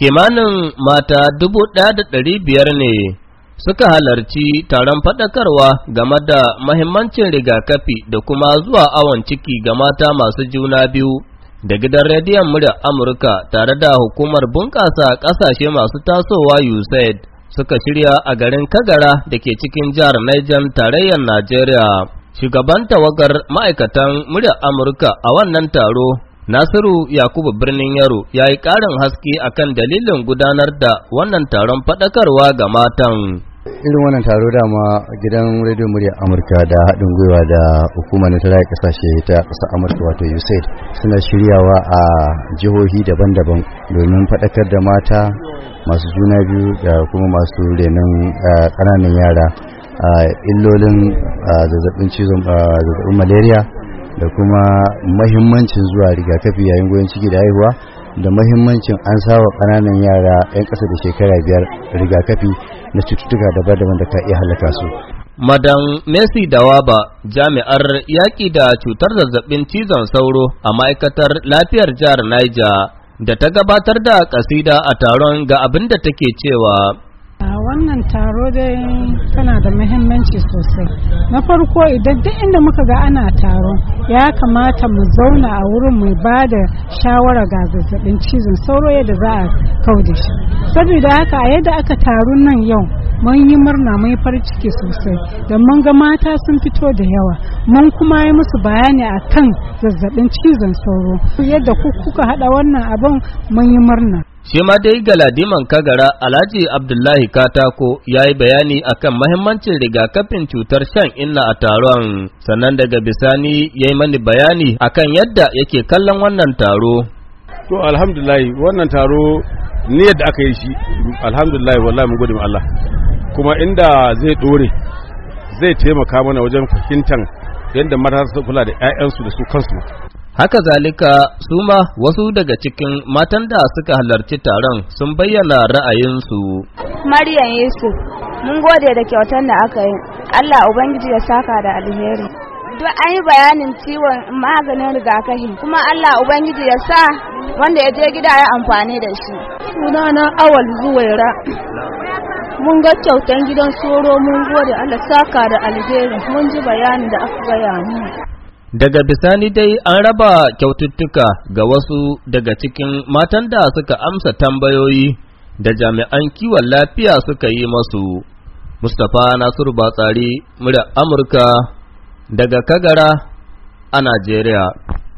kimanin mata dubu ɗaya da ɗari biyar ne suka halarci taron faɗakarwa game da mahimmancin rigakafi da kuma zuwa awon ciki ga mata masu juna biyu da gidan rediyon Murya Amurka tare da hukumar bunƙasa ƙasashe masu tasowa USAID suka shirya a garin Kagara da ke cikin jihar Niger tarayyar Najeriya. Shugaban tawagar ma'aikatan murya Amurka a wannan taro Nasiru Yakubu Birnin Yaro ya yi ƙarin haske a kan dalilin gudanar da wannan taron faɗakarwa ga matan. irin wannan taro dama gidan radio murya amurka da haɗin gwiwa da hukumar na tarayya ƙasashe ta ƙasar amurka wato usaid suna shiryawa a jihohi daban-daban domin faɗakar da mata masu juna biyu da kuma masu renon ƙananan yara illolin zazzabin cizon zazzabin malaria da kuma mahimmancin zuwa rigakafi yayin goyon ciki da haihuwa da mahimmancin an sawa ƙananan yara 'yan ƙasa da shekara biyar rigakafi na cututtuka daban-daban da ka iya halaka su. Madan Messi Dawaba jami'ar yaƙi da cutar zazzabin cizon sauro a ma'aikatar lafiyar jihar Niger da ta gabatar da kasida a taron ga abin da take cewa wannan taro dai tana da muhimmanci sosai na farko idan duk inda muka ga ana taro ya kamata mu zauna a wurin mai ba da shawara ga zazzabin cizon sauro yadda za a kau da shi saboda haka a yadda aka taru nan yau mun yi murna mun farin ciki sosai da mun ga mata sun fito da yawa mun kuma yi musu bayani a kan zazzabin cizon sauro yadda kuka haɗa wannan abin mun yi murna Shi ma dai galadiman kagara Alhaji Abdullahi Katako ya yi bayani akan mahimmancin rigakafin cutar shan inna a taron, sannan daga bisani ya yi mani bayani akan yadda yake kallon wannan taro. To alhamdulahi wannan taro ni yadda aka yi shi alhamdulahi wallahi mu gudun Allah kuma inda zai dore zai taimaka mana wajen fahimtar yadda matasa kula da 'ya'yansu da su kansu Haka zalika su ma wasu daga cikin matan da suka halarci taron sun bayyana ra'ayinsu. Maryam Yusuf, mun gode da kyautar da aka yi, Allah Ubangiji ya saka da alheri. Duk an yi bayanin ciwon maganin rigakafi kuma Allah Ubangiji ya sa wanda ya je gida ya amfani da shi. Sunana Awal Zuwaira. mun ga kyautan gidan soro mun gode Allah saka da alheri mun ji bayanin da aka gaya mu Daga bisani dai an raba kyaututtuka ga wasu daga cikin matan da suka amsa tambayoyi da jami'an kiwon lafiya suka yi masu. Mustapha Nasiru Batsari, murya Amurka, daga Kagara a Najeriya.